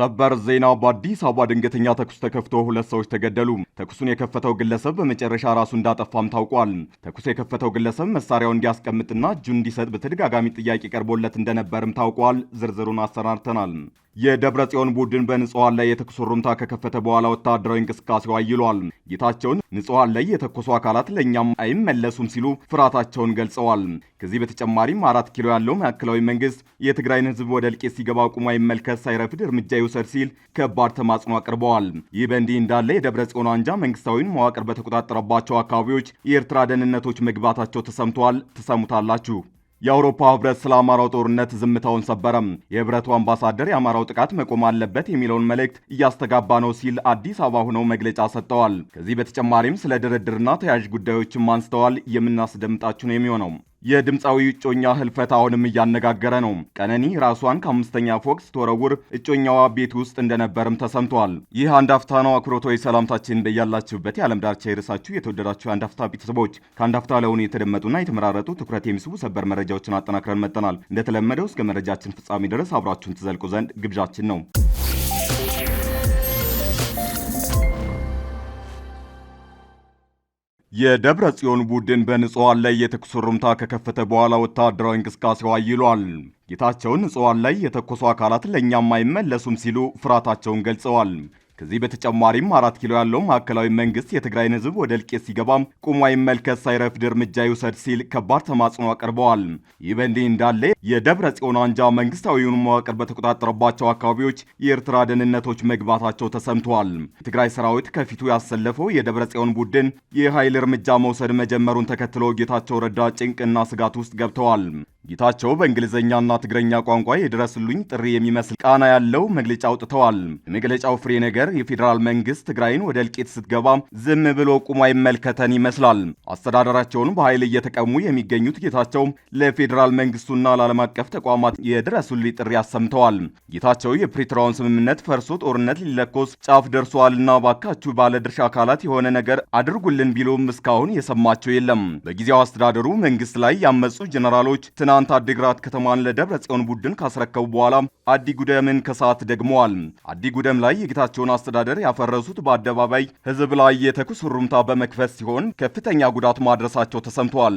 ሰበር ዜና በአዲስ አበባ ድንገተኛ ተኩስ ተከፍቶ ሁለት ሰዎች ተገደሉ። ተኩሱን የከፈተው ግለሰብ በመጨረሻ ራሱ እንዳጠፋም ታውቋል። ተኩስ የከፈተው ግለሰብ መሳሪያውን እንዲያስቀምጥና እጁን እንዲሰጥ በተደጋጋሚ ጥያቄ ቀርቦለት እንደነበርም ታውቋል። ዝርዝሩን አሰናድተናል። የደብረ ጽዮን ቡድን በንጹሐን ላይ የተኩስ ሩምታ ከከፈተ በኋላ ወታደራዊ እንቅስቃሴው አይሏል። ጌታቸውን ንጹሐን ላይ የተኮሱ አካላት ለእኛም አይመለሱም ሲሉ ፍርሃታቸውን ገልጸዋል። ከዚህ በተጨማሪም አራት ኪሎ ያለው ማዕከላዊ መንግስት የትግራይን ህዝብ ወደ እልቂት ሲገባ አቁሞ አይመልከት፣ ሳይረፍድ እርምጃ ይውሰድ ሲል ከባድ ተማጽኖ አቅርበዋል። ይህ በእንዲህ እንዳለ የደብረ ጽዮን አንጃ መንግስታዊን መዋቅር በተቆጣጠረባቸው አካባቢዎች የኤርትራ ደህንነቶች መግባታቸው ተሰምተዋል። ትሰሙታላችሁ። የአውሮፓ ህብረት ስለ አማራው ጦርነት ዝምታውን ሰበረም። የህብረቱ አምባሳደር የአማራው ጥቃት መቆም አለበት የሚለውን መልእክት እያስተጋባ ነው ሲል አዲስ አበባ ሆነው መግለጫ ሰጥተዋል። ከዚህ በተጨማሪም ስለ ድርድርና ተያያዥ ጉዳዮችም አንስተዋል። የምናስደምጣችሁ ነው የሚሆነው የድምፃዊ እጮኛ ህልፈት አሁንም እያነጋገረ ነው። ቀነኒ ራሷን ከአምስተኛ ፎቅ ስትወረውር እጮኛዋ ቤት ውስጥ እንደነበርም ተሰምቷል። ይህ አንድ አፍታ ነው። አክብሮታዊ ሰላምታችን በያላችሁበት የዓለም ዳርቻ የደረሳችሁ የተወደዳችሁ አንድ ቤተሰቦች፣ ከአንድ አፍታ ለሆኑ የተደመጡና የተመራረጡ ትኩረት የሚስቡ ሰበር መረጃዎችን አጠናክረን መጠናል። እንደተለመደው እስከ መረጃችን ፍጻሜ ድረስ አብራችሁን ትዘልቁ ዘንድ ግብዣችን ነው። የደብረ ጽዮን ቡድን በንጹሐን ላይ የተኩስ ሩምታ ከከፈተ በኋላ ወታደራዊ እንቅስቃሴው አይሏል። ጌታቸውን ንጹሐን ላይ የተኮሱ አካላት ለእኛም አይመለሱም ሲሉ ፍርሃታቸውን ገልጸዋል። ከዚህ በተጨማሪም አራት ኪሎ ያለው ማዕከላዊ መንግስት የትግራይን ህዝብ ወደ እልቂት ሲገባም ቁሞ አይመልከት ሳይረፍድ እርምጃ ይውሰድ ሲል ከባድ ተማጽኖ አቅርበዋል። ይህ በእንዲህ እንዳለ የደብረ ጽዮን አንጃ መንግስታዊውን መዋቅር በተቆጣጠረባቸው አካባቢዎች የኤርትራ ደህንነቶች መግባታቸው ተሰምተዋል። የትግራይ ሰራዊት ከፊቱ ያሰለፈው የደብረ ጽዮን ቡድን የኃይል እርምጃ መውሰድ መጀመሩን ተከትሎ ጌታቸው ረዳ ጭንቅና ስጋት ውስጥ ገብተዋል። ጌታቸው በእንግሊዝኛና ትግረኛ ቋንቋ የድረስሉኝ ጥሪ የሚመስል ቃና ያለው መግለጫ አውጥተዋል። የመግለጫው ፍሬ ነገር የፌዴራል መንግስት ትግራይን ወደ እልቂት ስትገባ ዝም ብሎ ቁሞ አይመልከተን ይመስላል። አስተዳደራቸውን በኃይል እየተቀሙ የሚገኙት ጌታቸው ለፌዴራል መንግስቱና ለዓለም አቀፍ ተቋማት የድረሱልኝ ጥሪ አሰምተዋል። ጌታቸው የፕሪቶሪያውን ስምምነት ፈርሶ ጦርነት ሊለኮስ ጫፍ ደርሷልና ባካችሁ ባለድርሻ አካላት የሆነ ነገር አድርጉልን ቢሉም እስካሁን የሰማቸው የለም። በጊዜው አስተዳደሩ መንግስት ላይ ያመጹ ጀኔራሎች ትናንት አዲግራት ከተማን ለደብረ ጽዮን ቡድን ካስረከቡ በኋላ አዲ ጉደምን ከሰዓት ደግመዋል። አዲ ጉደም ላይ የጌታቸውን አስተዳደር ያፈረሱት በአደባባይ ህዝብ ላይ የተኩስ ሩምታ በመክፈት ሲሆን ከፍተኛ ጉዳት ማድረሳቸው ተሰምተዋል።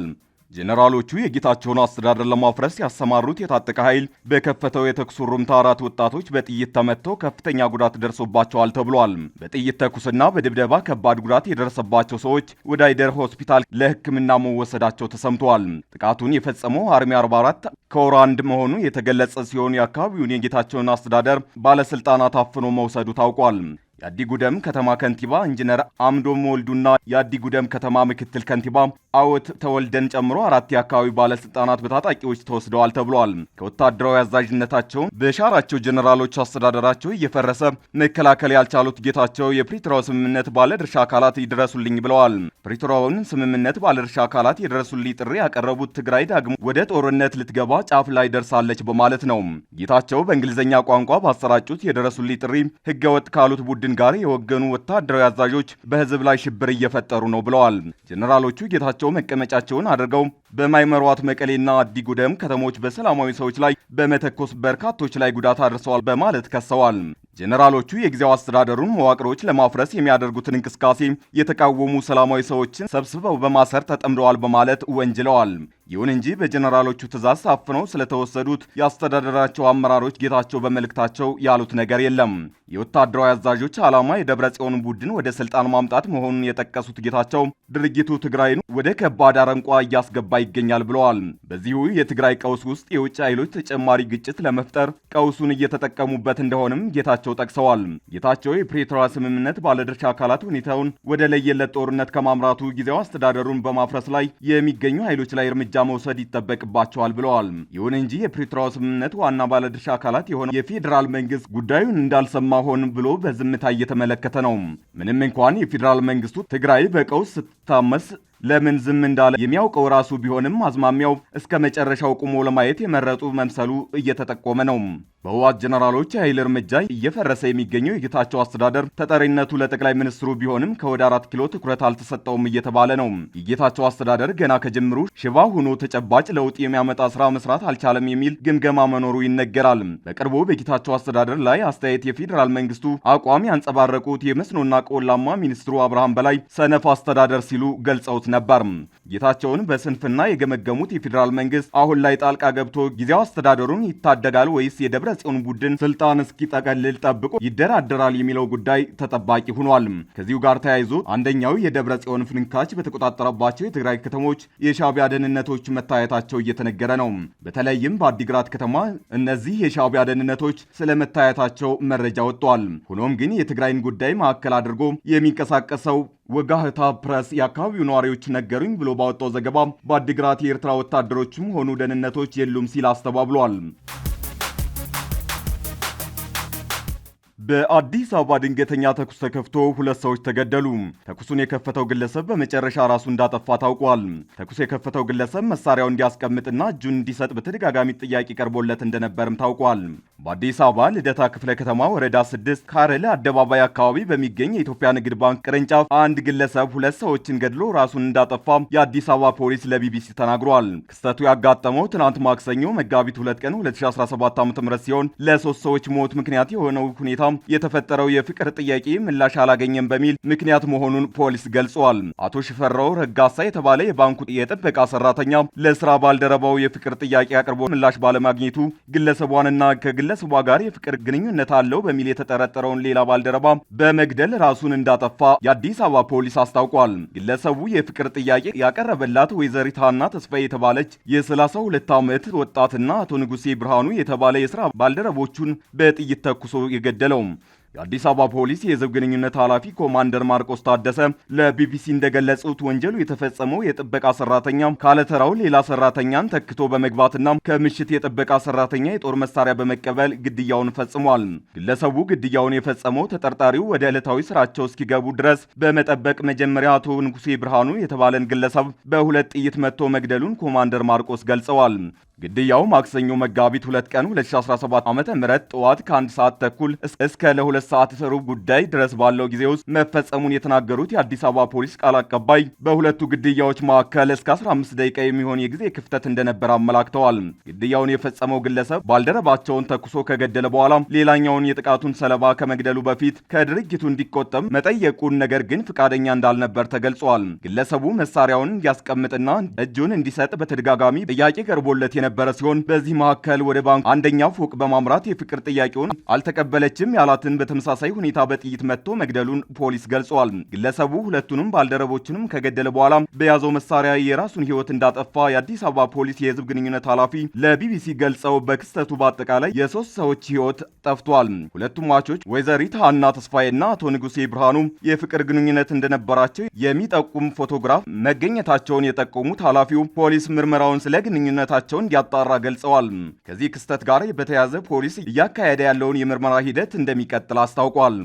ጄኔራሎቹ የጌታቸውን አስተዳደር ለማፍረስ ያሰማሩት የታጠቀ ኃይል በከፈተው የተኩስ ሩምታ አራት ወጣቶች በጥይት ተመትተው ከፍተኛ ጉዳት ደርሶባቸዋል ተብሏል። በጥይት ተኩስና በድብደባ ከባድ ጉዳት የደረሰባቸው ሰዎች ወደ አይደር ሆስፒታል ለሕክምና መወሰዳቸው ተሰምተዋል። ጥቃቱን የፈጸመው አርሚ 44 አንድ መሆኑ የተገለጸ ሲሆን የአካባቢውን የጌታቸውን አስተዳደር ባለስልጣናት አፍኖ መውሰዱ ታውቋል። የአዲጉደም ከተማ ከንቲባ ኢንጂነር አምዶም ወልዱና የአዲጉደም ከተማ ምክትል ከንቲባ አወት ተወልደን ጨምሮ አራት የአካባቢ ባለስልጣናት በታጣቂዎች ተወስደዋል ተብሏል። ከወታደራዊ አዛዥነታቸውን በሻራቸው ጀኔራሎች አስተዳደራቸው እየፈረሰ መከላከል ያልቻሉት ጌታቸው የፕሪቶሪያው ስምምነት ባለድርሻ አካላት ይድረሱልኝ ብለዋል። ፕሪቶሪያውን ስምምነት ባለድርሻ አካላት የድረሱልኝ ጥሪ ያቀረቡት ትግራይ ዳግሞ ወደ ጦርነት ልትገባ ጫፍ ላይ ደርሳለች በማለት ነው። ጌታቸው በእንግሊዝኛ ቋንቋ ባሰራጩት የድረሱልኝ ጥሪ ህገወጥ ካሉት ቡድን ጋር የወገኑ ወታደራዊ አዛዦች በህዝብ ላይ ሽብር እየፈጠሩ ነው ብለዋል። ጀኔራሎቹ ጌታቸው መቀመጫቸውን አድርገው በማይመሯት መቀሌና አዲጉደም ከተሞች በሰላማዊ ሰዎች ላይ በመተኮስ በርካቶች ላይ ጉዳት አድርሰዋል በማለት ከሰዋል። ጄኔራሎቹ የጊዜው አስተዳደሩን መዋቅሮች ለማፍረስ የሚያደርጉትን እንቅስቃሴ የተቃወሙ ሰላማዊ ሰዎችን ሰብስበው በማሰር ተጠምደዋል በማለት ወንጅለዋል። ይሁን እንጂ በጀኔራሎቹ ትእዛዝ ታፍነው ስለተወሰዱት የአስተዳደራቸው አመራሮች ጌታቸው በመልእክታቸው ያሉት ነገር የለም። የወታደራዊ አዛዦች ዓላማ የደብረ ጽዮን ቡድን ወደ ስልጣን ማምጣት መሆኑን የጠቀሱት ጌታቸው ድርጊቱ ትግራይን ወደ ከባድ አረንቋ እያስገባ ይገኛል ብለዋል። በዚሁ የትግራይ ቀውስ ውስጥ የውጭ ኃይሎች ተጨማሪ ግጭት ለመፍጠር ቀውሱን እየተጠቀሙበት እንደሆንም ጌታቸው ጠቅሰዋል። ጌታቸው የፕሪቶሪያ ስምምነት ባለድርሻ አካላት ሁኔታውን ወደ ለየለት ጦርነት ከማምራቱ ጊዜው አስተዳደሩን በማፍረስ ላይ የሚገኙ ኃይሎች ላይ እርምጃ መውሰድ ይጠበቅባቸዋል ብለዋል። ይሁን እንጂ የፕሪቶሪያ ስምምነት ዋና ባለድርሻ አካላት የሆነው የፌዴራል መንግስት ጉዳዩን እንዳልሰማ ሆን ብሎ በዝምታ እየተመለከተ ነው። ምንም እንኳን የፌዴራል መንግስቱ ትግራይ በቀውስ ስትታመስ ለምን ዝም እንዳለ የሚያውቀው ራሱ ቢሆንም አዝማሚያው እስከ መጨረሻው ቁሞ ለማየት የመረጡ መምሰሉ እየተጠቆመ ነው። በህወሓት ጀነራሎች የኃይል እርምጃ እየፈረሰ የሚገኘው የጌታቸው አስተዳደር ተጠሪነቱ ለጠቅላይ ሚኒስትሩ ቢሆንም ከወደ አራት ኪሎ ትኩረት አልተሰጠውም እየተባለ ነው። የጌታቸው አስተዳደር ገና ከጅምሩ ሽባ ሆኖ ተጨባጭ ለውጥ የሚያመጣ ስራ መስራት አልቻለም የሚል ግምገማ መኖሩ ይነገራል። በቅርቡ በጌታቸው አስተዳደር ላይ አስተያየት የፌዴራል መንግስቱ አቋም ያንጸባረቁት የመስኖና ቆላማ ሚኒስትሩ አብርሃም በላይ ሰነፍ አስተዳደር ሲሉ ገልጸውት ነበር። ጌታቸውን በስንፍና የገመገሙት የፌዴራል መንግስት አሁን ላይ ጣልቃ ገብቶ ጊዜያዊ አስተዳደሩን ይታደጋል ወይስ የደብረ ጽዮን ቡድን ስልጣን እስኪጠቀልል ጠብቆ ይደራደራል የሚለው ጉዳይ ተጠባቂ ሆኗል። ከዚሁ ጋር ተያይዞ አንደኛው የደብረ ጽዮን ፍንካች በተቆጣጠረባቸው የትግራይ ከተሞች የሻቢያ ደህንነቶች መታየታቸው እየተነገረ ነው። በተለይም በአዲግራት ከተማ እነዚህ የሻቢያ ደህንነቶች ስለመታየታቸው መረጃ ወጥቷል። ሆኖም ግን የትግራይን ጉዳይ ማዕከል አድርጎ የሚንቀሳቀሰው ወጋህታ ፕረስ የአካባቢው ነዋሪዎች ነገሩኝ ብሎ ባወጣው ዘገባ በአዲግራት የኤርትራ ወታደሮችም ሆኑ ደህንነቶች የሉም ሲል አስተባብሏል። በአዲስ አበባ ድንገተኛ ተኩስ ተከፍቶ ሁለት ሰዎች ተገደሉ። ተኩሱን የከፈተው ግለሰብ በመጨረሻ ራሱ እንዳጠፋ ታውቋል። ተኩስ የከፈተው ግለሰብ መሳሪያው እንዲያስቀምጥና እጁን እንዲሰጥ በተደጋጋሚ ጥያቄ ቀርቦለት እንደነበርም ታውቋል። በአዲስ አበባ ልደታ ክፍለ ከተማ ወረዳ 6 ካረል አደባባይ አካባቢ በሚገኝ የኢትዮጵያ ንግድ ባንክ ቅርንጫፍ አንድ ግለሰብ ሁለት ሰዎችን ገድሎ ራሱን እንዳጠፋ የአዲስ አበባ ፖሊስ ለቢቢሲ ተናግሯል። ክስተቱ ያጋጠመው ትናንት ማክሰኞ መጋቢት 2 ቀን 2017 ዓ ም ሲሆን ለሶስት ሰዎች ሞት ምክንያት የሆነው ሁኔታ የተፈጠረው የፍቅር ጥያቄ ምላሽ አላገኘም በሚል ምክንያት መሆኑን ፖሊስ ገልጿል። አቶ ሽፈራው ረጋሳ የተባለ የባንኩ የጥበቃ ሰራተኛ ለስራ ባልደረባው የፍቅር ጥያቄ አቅርቦ ምላሽ ባለማግኘቱ ግለሰቧንና ከግ ከግለሰቧ ጋር የፍቅር ግንኙነት አለው በሚል የተጠረጠረውን ሌላ ባልደረባ በመግደል ራሱን እንዳጠፋ የአዲስ አበባ ፖሊስ አስታውቋል። ግለሰቡ የፍቅር ጥያቄ ያቀረበላት ወይዘሪት ሀና ተስፋዬ የተባለች የ32 ዓመት ወጣትና አቶ ንጉሴ ብርሃኑ የተባለ የስራ ባልደረቦቹን በጥይት ተኩሶ የገደለው የአዲስ አበባ ፖሊስ የህዝብ ግንኙነት ኃላፊ ኮማንደር ማርቆስ ታደሰ ለቢቢሲ እንደገለጹት ወንጀሉ የተፈጸመው የጥበቃ ሰራተኛ ካለተራው ሌላ ሰራተኛን ተክቶ በመግባትና ከምሽት የጥበቃ ሰራተኛ የጦር መሳሪያ በመቀበል ግድያውን ፈጽሟል። ግለሰቡ ግድያውን የፈጸመው ተጠርጣሪው ወደ ዕለታዊ ስራቸው እስኪገቡ ድረስ በመጠበቅ መጀመሪያ አቶ ንጉሴ ብርሃኑ የተባለን ግለሰብ በሁለት ጥይት መጥቶ መግደሉን ኮማንደር ማርቆስ ገልጸዋል። ግድያው ማክሰኞ መጋቢት ሁለት ቀን 2017 ዓመተ ምህረት ጠዋት ከአንድ ሰዓት ተኩል እስከ ለሁለት ሰዓት ሩብ ጉዳይ ድረስ ባለው ጊዜ ውስጥ መፈጸሙን የተናገሩት የአዲስ አበባ ፖሊስ ቃል አቀባይ በሁለቱ ግድያዎች መካከል እስከ 15 ደቂቃ የሚሆን የጊዜ ክፍተት እንደነበር አመላክተዋል። ግድያውን የፈጸመው ግለሰብ ባልደረባቸውን ተኩሶ ከገደለ በኋላ ሌላኛውን የጥቃቱን ሰለባ ከመግደሉ በፊት ከድርጊቱ እንዲቆጠም መጠየቁን፣ ነገር ግን ፈቃደኛ እንዳልነበር ተገልጿል። ግለሰቡ መሳሪያውን እንዲያስቀምጥና እጁን እንዲሰጥ በተደጋጋሚ ጥያቄ ቀርቦለት የነበረ ሲሆን በዚህ መካከል ወደ ባንኩ አንደኛው ፎቅ በማምራት የፍቅር ጥያቄውን አልተቀበለችም ያላትን በተመሳሳይ ሁኔታ በጥይት መጥቶ መግደሉን ፖሊስ ገልጿል። ግለሰቡ ሁለቱንም ባልደረቦችንም ከገደለ በኋላ በያዘው መሳሪያ የራሱን ሕይወት እንዳጠፋ የአዲስ አበባ ፖሊስ የህዝብ ግንኙነት ኃላፊ ለቢቢሲ ገልጸው በክስተቱ በአጠቃላይ የሶስት ሰዎች ሕይወት ጠፍቷል። ሁለቱም ሟቾች ወይዘሪት ሀና ተስፋዬና አቶ ንጉሴ ብርሃኑ የፍቅር ግንኙነት እንደነበራቸው የሚጠቁም ፎቶግራፍ መገኘታቸውን የጠቆሙት ኃላፊው ፖሊስ ምርመራውን ስለ ግንኙነታቸውን ያጣራ ገልጸዋል። ከዚህ ክስተት ጋር በተያያዘ ፖሊስ እያካሄደ ያለውን የምርመራ ሂደት እንደሚቀጥል አስታውቋል።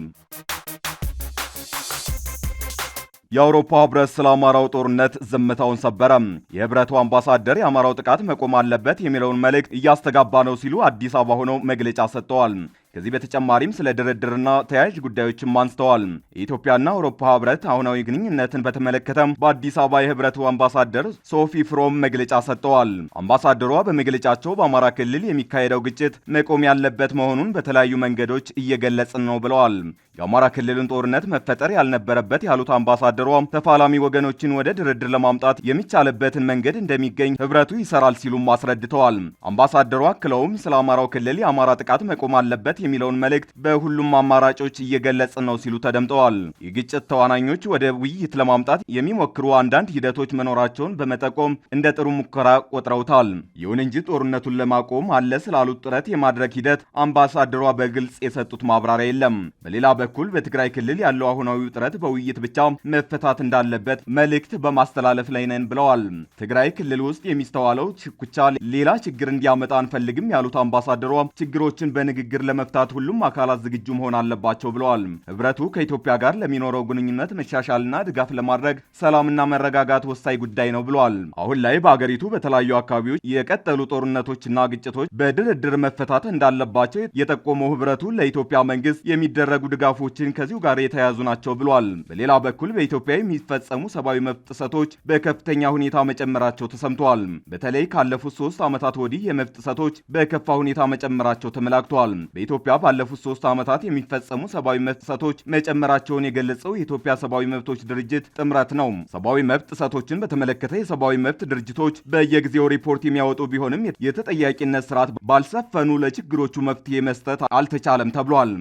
የአውሮፓ ህብረት ስለ አማራው ጦርነት ዝምታውን ሰበረ። የህብረቱ አምባሳደር የአማራው ጥቃት መቆም አለበት የሚለውን መልእክት እያስተጋባ ነው ሲሉ አዲስ አበባ ሆነው መግለጫ ሰጥተዋል። ከዚህ በተጨማሪም ስለ ድርድርና ተያያዥ ጉዳዮችም አንስተዋል። የኢትዮጵያና አውሮፓ ህብረት አሁናዊ ግንኙነትን በተመለከተ በአዲስ አበባ የህብረቱ አምባሳደር ሶፊ ፍሮም መግለጫ ሰጥተዋል። አምባሳደሯ በመግለጫቸው በአማራ ክልል የሚካሄደው ግጭት መቆም ያለበት መሆኑን በተለያዩ መንገዶች እየገለጽን ነው ብለዋል። የአማራ ክልልን ጦርነት መፈጠር ያልነበረበት ያሉት አምባሳደሯ ተፋላሚ ወገኖችን ወደ ድርድር ለማምጣት የሚቻልበትን መንገድ እንደሚገኝ ህብረቱ ይሰራል ሲሉም አስረድተዋል። አምባሳደሯ አክለውም ስለ አማራው ክልል የአማራ ጥቃት መቆም አለበት የሚለውን መልእክት በሁሉም አማራጮች እየገለጽ ነው ሲሉ ተደምጠዋል። የግጭት ተዋናኞች ወደ ውይይት ለማምጣት የሚሞክሩ አንዳንድ ሂደቶች መኖራቸውን በመጠቆም እንደ ጥሩ ሙከራ ቆጥረውታል። ይሁን እንጂ ጦርነቱን ለማቆም አለ ስላሉት ጥረት የማድረግ ሂደት አምባሳደሯ በግልጽ የሰጡት ማብራሪያ የለም። በሌላ በኩል በትግራይ ክልል ያለው አሁናዊ ውጥረት በውይይት ብቻ መፈታት እንዳለበት መልእክት በማስተላለፍ ላይ ነን ብለዋል። ትግራይ ክልል ውስጥ የሚስተዋለው ሽኩቻ ሌላ ችግር እንዲያመጣ አንፈልግም ያሉት አምባሳደሯ ችግሮችን በንግግር ለመ ለመፍታት ሁሉም አካላት ዝግጁ መሆን አለባቸው ብለዋል። ህብረቱ ከኢትዮጵያ ጋር ለሚኖረው ግንኙነት መሻሻልና ድጋፍ ለማድረግ ሰላምና መረጋጋት ወሳኝ ጉዳይ ነው ብለዋል። አሁን ላይ በአገሪቱ በተለያዩ አካባቢዎች የቀጠሉ ጦርነቶችና ግጭቶች በድርድር መፈታት እንዳለባቸው የጠቆመው ህብረቱ ለኢትዮጵያ መንግስት የሚደረጉ ድጋፎችን ከዚሁ ጋር የተያያዙ ናቸው ብለዋል። በሌላ በኩል በኢትዮጵያ የሚፈጸሙ ሰብአዊ መብት ጥሰቶች በከፍተኛ ሁኔታ መጨመራቸው ተሰምተዋል። በተለይ ካለፉት ሶስት ዓመታት ወዲህ የመብት ጥሰቶች በከፋ ሁኔታ መጨመራቸው ተመላክተዋል። በኢትዮጵያ ባለፉት ሶስት ዓመታት የሚፈጸሙ ሰብአዊ መብት ጥሰቶች መጨመራቸውን የገለጸው የኢትዮጵያ ሰብአዊ መብቶች ድርጅት ጥምረት ነው። ሰብአዊ መብት ጥሰቶችን በተመለከተ የሰብአዊ መብት ድርጅቶች በየጊዜው ሪፖርት የሚያወጡ ቢሆንም የተጠያቂነት ስርዓት ባልሰፈኑ ለችግሮቹ መፍትሄ መስጠት አልተቻለም ተብሏል።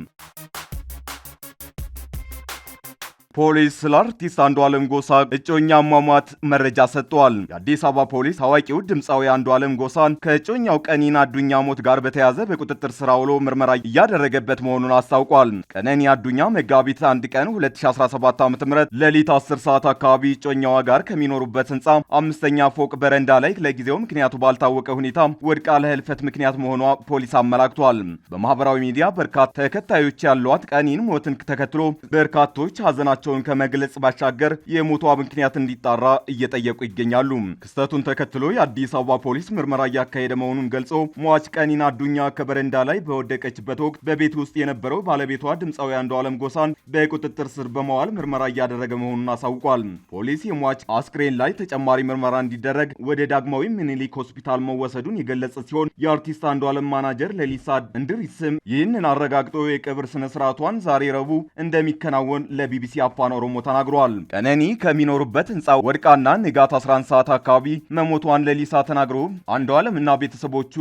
ፖሊስ ስለ አርቲስት አንዱዓለም ጎሳ እጮኛ አሟሟት መረጃ ሰጥቷል። የአዲስ አበባ ፖሊስ ታዋቂው ድምፃዊ አንዱዓለም ጎሳን ከእጮኛው ቀኒን አዱኛ ሞት ጋር በተያዘ በቁጥጥር ስራ ውሎ ምርመራ እያደረገበት መሆኑን አስታውቋል። ቀነኒ አዱኛ መጋቢት አንድ ቀን 2017 ዓ.ም ሌሊት 10 ሰዓት አካባቢ እጮኛዋ ጋር ከሚኖሩበት ህንፃ አምስተኛ ፎቅ በረንዳ ላይ ለጊዜው ምክንያቱ ባልታወቀ ሁኔታ ወድቃ ለህልፈት ምክንያት መሆኗ ፖሊስ አመላክቷል። በማህበራዊ ሚዲያ በርካታ ተከታዮች ያሏት ቀኒን ሞትን ተከትሎ በርካቶች ሀዘናቸው መሆናቸውን ከመግለጽ ባሻገር የሞቷ ምክንያት እንዲጣራ እየጠየቁ ይገኛሉ። ክስተቱን ተከትሎ የአዲስ አበባ ፖሊስ ምርመራ እያካሄደ መሆኑን ገልጾ ሟች ቀኒን አዱኛ ከበረንዳ ላይ በወደቀችበት ወቅት በቤት ውስጥ የነበረው ባለቤቷ ድምፃዊ አለም ጎሳን በቁጥጥር ስር በመዋል ምርመራ እያደረገ መሆኑን አሳውቋል። ፖሊስ የሟች አስክሬን ላይ ተጨማሪ ምርመራ እንዲደረግ ወደ ዳግማዊ ምኒልክ ሆስፒታል መወሰዱን የገለጸ ሲሆን የአርቲስት አለም ማናጀር ለሊሳ እንድሪስም ይህንን አረጋግጦ የቅብር ስነ ዛሬ ረቡዕ እንደሚከናወን ለቢቢሲ አፋን ኦሮሞ ተናግሯል። ቀነኒ ከሚኖሩበት ህንፃ ወድቃና ንጋት 11 ሰዓት አካባቢ መሞቷን ለሊሳ ተናግሮ አንዱ ዓለምና ቤተሰቦቹ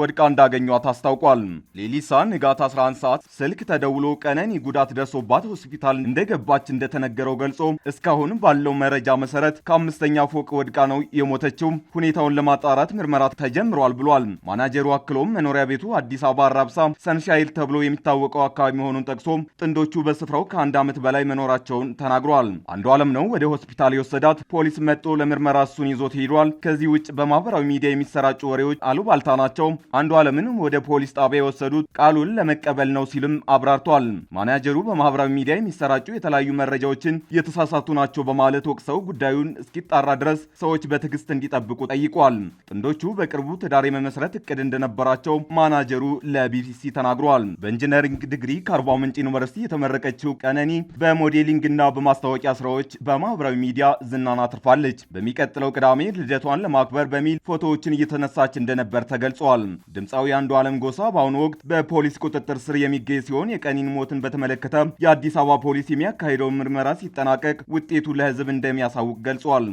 ወድቃ እንዳገኟት አስታውቋል። ሌሊሳ ንጋት 11 ሰዓት ስልክ ተደውሎ ቀነኒ ጉዳት ደርሶባት ሆስፒታል እንደገባች እንደተነገረው ገልጾ እስካሁን ባለው መረጃ መሰረት ከአምስተኛ ፎቅ ወድቃ ነው የሞተችው። ሁኔታውን ለማጣራት ምርመራ ተጀምሯል ብሏል። ማናጀሩ አክሎም መኖሪያ ቤቱ አዲስ አበባ አራብሳ ሰንሻይል ተብሎ የሚታወቀው አካባቢ መሆኑን ጠቅሶ ጥንዶቹ በስፍራው ከአንድ ዓመት በላይ መኖራቸው መሆናቸውን ተናግረዋል። አንዱ አለም ነው ወደ ሆስፒታል የወሰዳት ፖሊስ መጥቶ ለምርመራ እሱን ይዞት ሄዷል። ከዚህ ውጭ በማህበራዊ ሚዲያ የሚሰራጩ ወሬዎች አሉባልታ ናቸው። አንዱ አለምን ወደ ፖሊስ ጣቢያ የወሰዱት ቃሉን ለመቀበል ነው ሲልም አብራርቷል። ማናጀሩ በማህበራዊ ሚዲያ የሚሰራጩ የተለያዩ መረጃዎችን የተሳሳቱ ናቸው በማለት ወቅሰው ጉዳዩን እስኪጣራ ድረስ ሰዎች በትዕግስት እንዲጠብቁ ጠይቋል። ጥንዶቹ በቅርቡ ትዳር የመመስረት እቅድ እንደነበራቸው ማናጀሩ ለቢቢሲ ተናግረዋል። በኢንጂነሪንግ ዲግሪ ከአርባ ምንጭ ዩኒቨርሲቲ የተመረቀችው ቀነኒ በሞዴሊንግ በማርኬቲንግና በማስታወቂያ ስራዎች በማህበራዊ ሚዲያ ዝናን አትርፋለች። በሚቀጥለው ቅዳሜ ልደቷን ለማክበር በሚል ፎቶዎችን እየተነሳች እንደነበር ተገልጿል። ድምፃዊ አንዱ ዓለም ጎሳ በአሁኑ ወቅት በፖሊስ ቁጥጥር ስር የሚገኝ ሲሆን የቀኒን ሞትን በተመለከተ የአዲስ አበባ ፖሊስ የሚያካሂደውን ምርመራ ሲጠናቀቅ ውጤቱ ለህዝብ እንደሚያሳውቅ ገልጿል።